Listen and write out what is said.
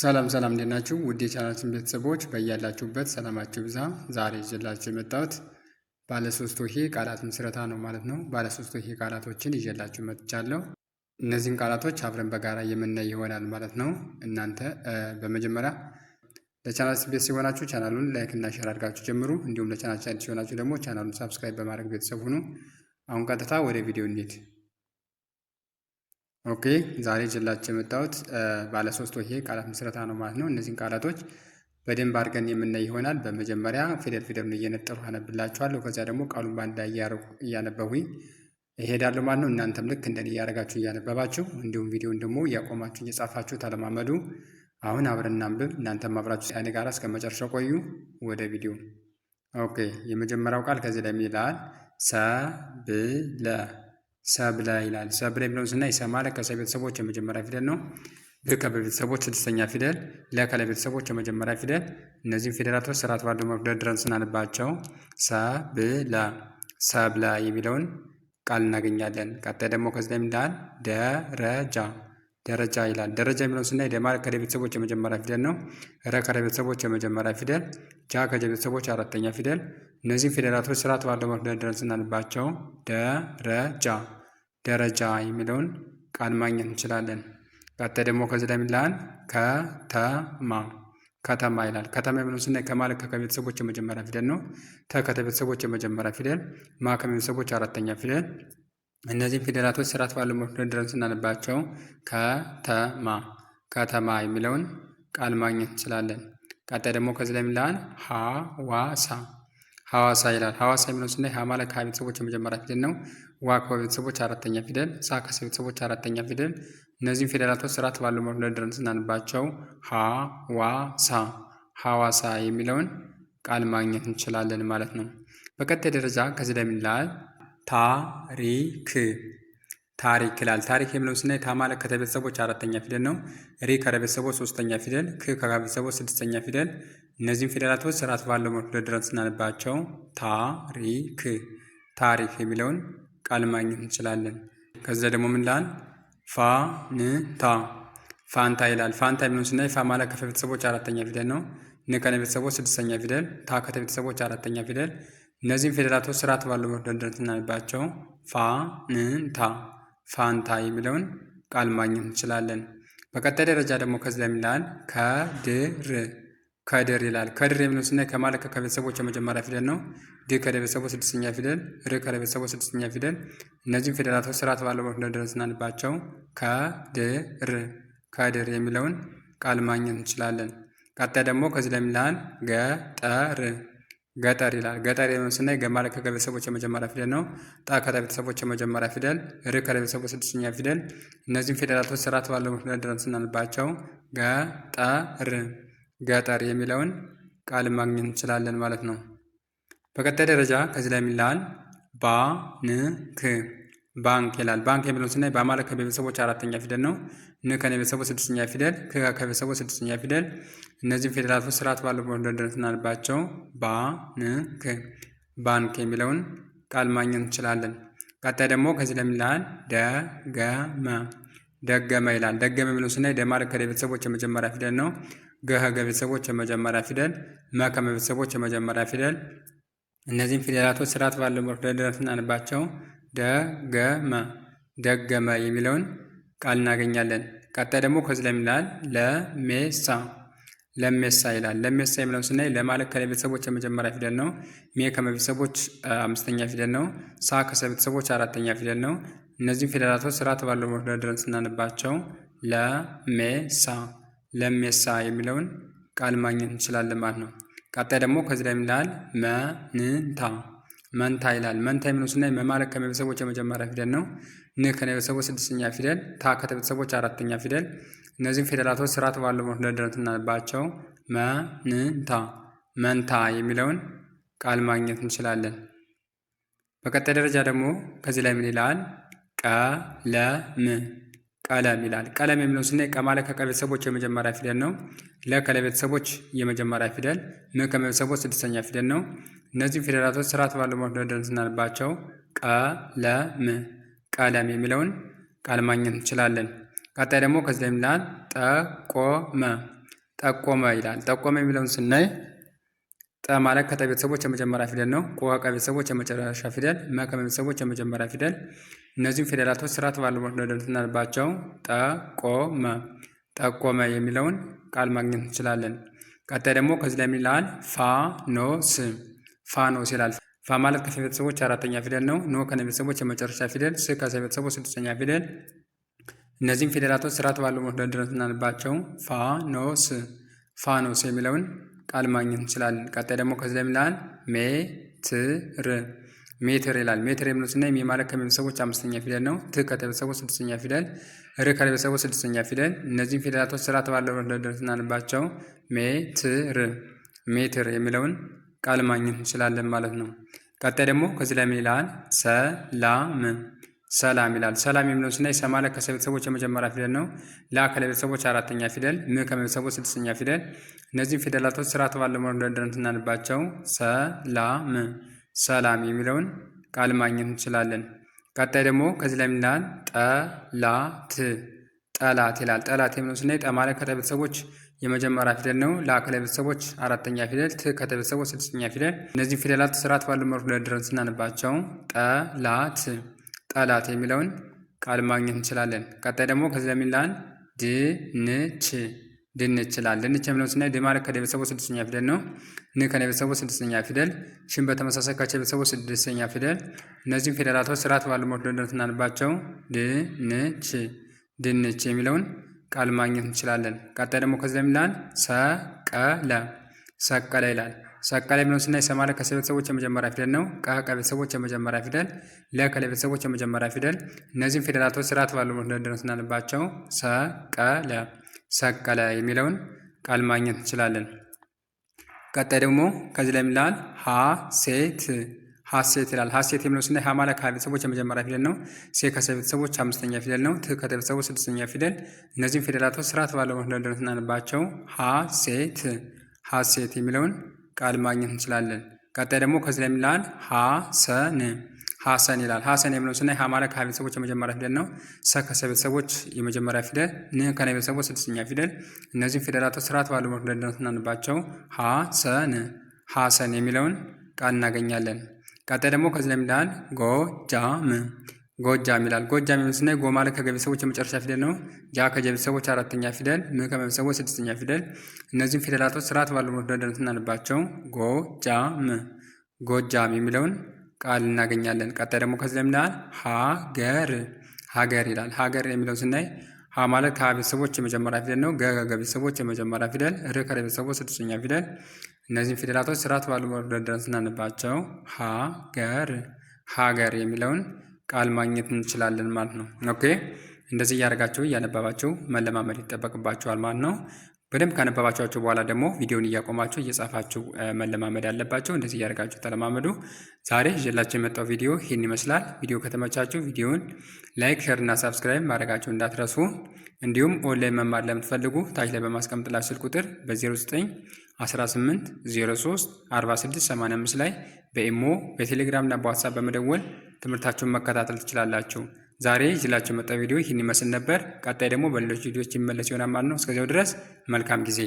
ሰላም ሰላም እንዴት ናችሁ? ውድ የቻናችን ቤተሰቦች በያላችሁበት ሰላማችሁ ብዛ። ዛሬ ይዤላችሁ የመጣሁት ባለሶስት ሶስት ሆሄ ቃላት ምስረታ ነው ማለት ነው። ባለሶስት ሆሄ ቃላቶችን ይዤላችሁ መጥቻለሁ። እነዚህን ቃላቶች አብረን በጋራ የምናይ ይሆናል ማለት ነው። እናንተ በመጀመሪያ ለቻናችን ቤት ሲሆናችሁ ቻናሉን ላይክ እና ሼር አድርጋችሁ ጀምሩ። እንዲሁም ለቻናችን ሲሆናችሁ ደግሞ ቻናሉን ሳብስክራይብ በማድረግ ቤተሰብ ሁኑ። አሁን ቀጥታ ወደ ቪዲዮ እንሂድ። ኦኬ ዛሬ ጀላቸው የመጣሁት ባለ ሶስት ቃላት ምስረታ ነው ማለት ነው። እነዚህን ቃላቶች በደንብ አድርገን የምናይ ይሆናል። በመጀመሪያ ፊደል ፊደል ነው እየነጠሩ አነብላችኋለሁ። ከዚያ ደግሞ ቃሉን በአንድ ላይ እያነበቡኝ እሄዳለሁ ማለት ነው። እናንተም ልክ እንደኔ እያደረጋችሁ እያነበባችሁ፣ እንዲሁም ቪዲዮን ደግሞ እያቆማችሁ እየጻፋችሁ ተለማመዱ። አሁን አብረን እናንብብ። እናንተም አብራችሁ እኔ ጋር እስከ መጨረሻው ቆዩ። ወደ ቪዲዮ ኦኬ። የመጀመሪያው ቃል ከዚህ ላይ ይላል ሰብለ ሰብለ ይላል። ሰብለ የሚለውን ስናይ ሰ ማለት ከሰ ቤተሰቦች የመጀመሪያ ፊደል ነው። ብ ከበቤተሰቦች ስድስተኛ ፊደል፣ ለ ቤተሰቦች የመጀመሪያ ፊደል። እነዚህም ፊደላቶች ስርዓት ባለው መፍደር ድረን ስናነባቸው ሰብለ ሰብለ የሚለውን ቃል እናገኛለን። ቀጣይ ደግሞ ከዚህ ላይ ምንዳል ደረጃ ደረጃ ይላል። ደረጃ የሚለውን ስናይ ደማ ቤተሰቦች የመጀመሪያ ፊደል ነው። ረ ቤተሰቦች የመጀመሪያ ፊደል፣ ጃ ቤተሰቦች አራተኛ ፊደል። እነዚህም ፊደላቶች ስርዓት ባለው መፍደል ደረስ እናንባቸው። ደረጃ ደረጃ የሚለውን ቃል ማግኘት እንችላለን። ቀጥ ደግሞ ከዚህ ላይ የሚላል ከተማ ከተማ ይላል። ከተማ የሚለውን ስናይ ከማለት ቤተሰቦች የመጀመሪያ ፊደል ነው። ተ ከተ ቤተሰቦች የመጀመሪያ ፊደል፣ ማ ከቤተሰቦች አራተኛ ፊደል፣ እነዚህም ፊደላቶች ስርዓት ባለው መልኩ ደርድረን ስናነባቸው ከተማ ከተማ የሚለውን ቃል ማግኘት እንችላለን። ቀጣይ ደግሞ ከዚህ ላይ የሚላል ሐዋሳ ሐዋሳ ይላል። ሐዋሳ የሚለውን ስናይ ሐ ማለት ከሐ ቤተሰቦች የመጀመሪያ ፊደል ነው። ዋ ከቤተሰቦች አራተኛ ፊደል፣ ሳ ከቤተሰቦች አራተኛ ፊደል። እነዚህም ፊደላቶች ስርዓት ባለው መልኩ ደርድረን ስናነባቸው ሐዋሳ ሐዋሳ የሚለውን ቃል ማግኘት እንችላለን ማለት ነው። በቀጣይ ደረጃ ከዚህ ላይ የሚላል ታሪክ ታሪክ ይላል። ታሪክ የሚለውን ስናይ ታ ማለት ከተቤተሰቦች አራተኛ ፊደል ነው። ሪ ከረቤተሰቦች ሶስተኛ ፊደል፣ ክ ከቤተሰቦች ስድስተኛ ፊደል። እነዚህም ፊደላቶች ስርዓት ባለው መልኩ ደርድረን ስናነባቸው ታሪክ ታሪክ የሚለውን ቃል ማግኘት እንችላለን። ከዚያ ደግሞ ምን ላል ፋንታ ፋንታ ይላል። ፋንታ የሚለውን ስናይ ፋ ማለት ከፈ ቤተሰቦች አራተኛ ፊደል ነው። ን ከነ ቤተሰቦች ስድስተኛ ፊደል፣ ታ ከተ ቤተሰቦች አራተኛ ፊደል እነዚህም ፊደላቶች ስርዓት ባለው መደርደር ስናነባቸው ፋ ን ታ ፋንታ የሚለውን ቃል ማግኘት እንችላለን። በቀጣይ ደረጃ ደግሞ ከዚህ ላይ የሚላል ከድር ከድር ይላል። ከድር የሚለው ስናይ ከማለት ከቤተሰቦች የመጀመሪያ ፊደል ነው። ድ ከቤተሰቦ ስድስተኛ ፊደል፣ ር ከቤተሰቦ ስድስተኛ ፊደል። እነዚህም ፊደላቶች ስርዓት ባለው መልኩ ደርድረን ከድር ከድር የሚለውን ቃል ማግኘት እንችላለን። ቀጣይ ደግሞ ከዚህ ላይ የሚላል ገጠር ገጠር ይላል። ገጠር የሚለውን ስናይ ገማለ ከቤተሰቦች የመጀመሪያ ፊደል ነው። ጣ ቤተሰቦች የመጀመሪያ ፊደል፣ ር ቤተሰቦች ስድስተኛ ፊደል። እነዚህም ፊደላቶች ስርዓት ባለው ምክንያት ድረን ስናንባቸው ገጠር ገጠር የሚለውን ቃል ማግኘት እንችላለን ማለት ነው። በቀጣይ ደረጃ ከዚህ ላይ የሚላል ባንክ ባንክ ይላል። ባንክ የሚለውን ስናይ በአማለ ከቤተሰቦች አራተኛ ፊደል ነው። ን ቤተሰቦች ስድስተኛ ፊደል፣ ከ ከቤተሰቦች ስድስተኛ ፊደል። እነዚህም ፊደላቶች ስርዓት ባለው ድረን ስናንባቸው ባንክ ባንክ የሚለውን ቃል ማግኘት እንችላለን። ቀጣይ ደግሞ ከዚህ ለምን ይላል ደገመ ደገመ ይላል። ደገመ የሚለው ስናይ ደማር ከቤተሰቦች የመጀመሪያ ፊደል ነው። ገህ ከቤተሰቦች የመጀመሪያ ፊደል፣ መ ከቤተሰቦች የመጀመሪያ ፊደል። እነዚህም ፊደላቶች ስርዓት ባለ መልኩ እናንባቸው። ደገመ ደገመ የሚለውን ቃል እናገኛለን። ቀጣይ ደግሞ ከዚህ ለምን ይላል ለሜሳ ለሜሳ ይላል። ለሜሳ የሚለውን ስናይ ለማለት ከላይ ቤተሰቦች የመጀመሪያ ፊደል ነው። ሜ ከመቤተሰቦች አምስተኛ ፊደል ነው። ሳ ከሰቤተሰቦች አራተኛ ፊደል ነው። እነዚህም ፊደላቶች ስርዓት ባለው መደርደረን ስናነባቸው ለሜሳ ለሜሳ የሚለውን ቃል ማግኘት እንችላለን ማለት ነው። ቀጣይ ደግሞ ከዚህ ላይ ይላል መንታ መንታ ይላል። መንታ የሚለውን ስናይ መማለት ከመቤተሰቦች የመጀመሪያ ፊደል ነው። ን ከነቤተሰቦች ስድስተኛ ፊደል፣ ታ ከተቤተሰቦች አራተኛ ፊደል እነዚህም ፊደላቶች ስርዓት ባለው መደርደር እናለባቸው። መንታ መንታ የሚለውን ቃል ማግኘት እንችላለን። በቀጣይ ደረጃ ደግሞ ከዚህ ላይ ምን ይላል? ቀለም ቀለም ይላል። ቀለም የሚለውን ስናይ ቀማለ ማለት ከቀ ቤተሰቦች የመጀመሪያ ፊደል ነው። ለ ቤተሰቦች የመጀመሪያ ፊደል፣ ም ከመቤተሰቦች ስድስተኛ ፊደል ነው። እነዚህ ፊደላቶች ስርዓት ባለው መደርደር እናለባቸው። ቀለም ቀለም የሚለውን ቃል ማግኘት እንችላለን። ቀጣይ ደግሞ ከዚህ ላይ የሚላል ጠቆመ ጠቆመ ይላል። ጠቆመ የሚለውን ስናይ ጠ ማለት ከጠ ቤተሰቦች የመጀመሪያ ፊደል ነው። ቆ ከቀ ቤተሰቦች የመጨረሻ ፊደል፣ መ ከመ ቤተሰቦች የመጀመሪያ ፊደል። እነዚህም ፊደላቶች ስርዓት ባለው ጠቆመ ጠቆመ የሚለውን ቃል ማግኘት እንችላለን። ቀጣይ ደግሞ ከዚህ ላይ የሚላል ፋኖስ ፋኖስ ይላል። ፋ ማለት ከፈ ቤተሰቦች አራተኛ ፊደል ነው። ኖ ከነ ቤተሰቦች የመጨረሻ ፊደል፣ ስ ከሰ ቤተሰቦች ስድስተኛ ፊደል እነዚህም ፊደላቶች ስርዓት ባለው መደርደር ስናነባቸው ፋኖስ ፋኖስ የሚለውን ቃል ማግኘት እንችላለን። ቀጣይ ደግሞ ከዚህ ላይ ምላል ሜትር ሜትር ይላል። ሜትር የሚለው ስና ሜ ማለት ከቤተሰቦች አምስተኛ ፊደል ነው። ት ከተቤተሰቦች ስድስተኛ ፊደል፣ ር ከቤተሰቦች ስድስተኛ ፊደል። እነዚህም ፊደላቶች ስርዓት ባለው መደርደር ስናነባቸው ሜትር ሜትር የሚለውን ቃል ማግኘት እንችላለን ማለት ነው። ቀጣይ ደግሞ ከዚህ ላይ ምን ይላል? ሰላም ሰላም ይላል። ሰላም የሚለውን ስናይ ሰማለ ከሰቤተሰቦች የመጀመሪያ ፊደል ነው። ላ ከለቤተሰቦች አራተኛ ፊደል፣ ም ከመቤተሰቦች ስድስተኛ ፊደል። እነዚህም ፊደላቶች ስርዓት ባለው መደርደር ስናነባቸው ሰላም ሰላም የሚለውን ቃል ማግኘት እንችላለን። ቀጣይ ደግሞ ከዚህ ላይ ምንላል? ጠላት ጠላት ይላል። ጠላት የሚለውን ስናይ ጠማለ ከጠቤተሰቦች የመጀመሪያ ፊደል ነው። ላ ከለቤተሰቦች አራተኛ ፊደል፣ ት ከቤተሰቦች ስድስተኛ ፊደል። እነዚህም ፊደላት ስርዓት ባለው መደርደር ስናነባቸው ጠላት ጠላት የሚለውን ቃል ማግኘት እንችላለን። ቀጣይ ደግሞ ከዚህ ለሚላን ድንች ድንች ይላል። ድንች የሚለውን ስናይ ድ ማለት ከደ ቤተሰቡ ስድስተኛ ፊደል ነው። ን ከነ ቤተሰቡ ስድስተኛ ፊደል፣ ሽን በተመሳሳይ ከቸ ቤተሰቡ ስድስተኛ ፊደል። እነዚህም ፊደላቶች ስርዓት ባለው ሞት ደንደር ስናነባቸው ድንች ድንች የሚለውን ቃል ማግኘት እንችላለን። ቀጣይ ደግሞ ከዚህ ለሚላን ሰቀለ ሰቀለ ይላል። ሰቀላ የሚለውን ስናይ ሰማለ ከሰ ቤተሰቦች የመጀመሪያ ፊደል ነው። ቀ ቀ ቤተሰቦች የመጀመሪያ ፊደል፣ ለ ከለ ቤተሰቦች የመጀመሪያ ፊደል። እነዚህም ፊደላቶች ስርዓት ባሉ መደርደር ነው ሰቀለ ሰቀለ የሚለውን ቃል ማግኘት እንችላለን። ቀጣይ ደግሞ ከዚህ ላይ የሚላል ሀሴት ሀሴት ይላል። ሀሴት የሚለው ስናይ ሀማለ ማለት ከሀ ቤተሰቦች የመጀመሪያ ፊደል ነው። ሴ ከሰ ቤተሰቦች አምስተኛ ፊደል ነው። ት ከተ ቤተሰቦች ስድስተኛ ፊደል። እነዚህም ፊደላቶች ስርዓት ባለው መደርደር ነው ሀሴት ሀሴት የሚለውን ቃል ማግኘት እንችላለን። ቀጣይ ደግሞ ከዚህ ላይ የሚላል ሀሰን ሀሰን ይላል። ሀሰን የምለው ስናይ ሀ ማለት ከሀ ቤተሰቦች የመጀመሪያ ፊደል ነው። ሰ ከሰ ቤተሰቦች የመጀመሪያ ፊደል፣ ን ከነ ቤተሰቦች ስድስተኛ ፊደል። እነዚህም ፊደላት ስርዓት ባሉ መልኩ ደደነት እናንባቸው። ሀሰን ሀሰን የሚለውን ቃል እናገኛለን። ቀጣይ ደግሞ ከዚህ ላይ የሚላል ጎጃም ጎጃም ይላል። ጎጃም የሚል ስናይ ጎ ማለት ከገ ቤተሰቦች የመጨረሻ ፊደል ነው። ጃ ከጀ ቤተሰቦች አራተኛ ፊደል፣ ም ከመ ቤተሰቦች ስድስተኛ ፊደል። እነዚህም ፊደላቶች ስርዓት ባለው መደርደር ስናነባቸው ጎ ጃ ም ጎጃም የሚለውን ቃል እናገኛለን። ቀጣይ ደግሞ ከዚህ ለምናል ሀገር ሀገር ይላል። ሀገር የሚለውን ስናይ ሀ ማለት ከሀ ቤተሰቦች የመጀመሪያ ፊደል ነው። ገ ከገ ቤተሰቦች የመጀመሪያ ፊደል፣ ር ከረ ቤተሰቦች ስድስተኛ ፊደል። እነዚህም ፊደላቶች ስርዓት ባለው መደርደር ስናነባቸው ሀገር ሀገር የሚለውን ቃል ማግኘት እንችላለን ማለት ነው። ኦኬ እንደዚህ እያደረጋችሁ እያነበባችሁ መለማመድ ይጠበቅባችኋል ማለት ነው። በደንብ ካነበባችኋቸው በኋላ ደግሞ ቪዲዮን እያቆማችሁ እየጻፋችሁ መለማመድ አለባቸው። እንደዚህ እያደረጋችሁ ተለማመዱ። ዛሬ ይዤላችሁ የመጣው ቪዲዮ ይህን ይመስላል። ቪዲዮ ከተመቻችሁ ቪዲዮውን ላይክ፣ ሼር እና ሳብስክራይብ ማድረጋችሁ እንዳትረሱ። እንዲሁም ኦንላይን መማር ለምትፈልጉ ታች ላይ በማስቀምጥላችሁ ስልክ ቁጥር በ0918 03 4685 ላይ በኢሞ በቴሌግራም እና በዋትሳፕ በመደወል ትምህርታችሁን መከታተል ትችላላችሁ። ዛሬ ይችላችሁ መጣ ቪዲዮ ይህን ይመስል ነበር። ቀጣይ ደግሞ በሌሎች ቪዲዮዎች የሚመለስ ይሆናል ማለት ነው። እስከዚያው ድረስ መልካም ጊዜ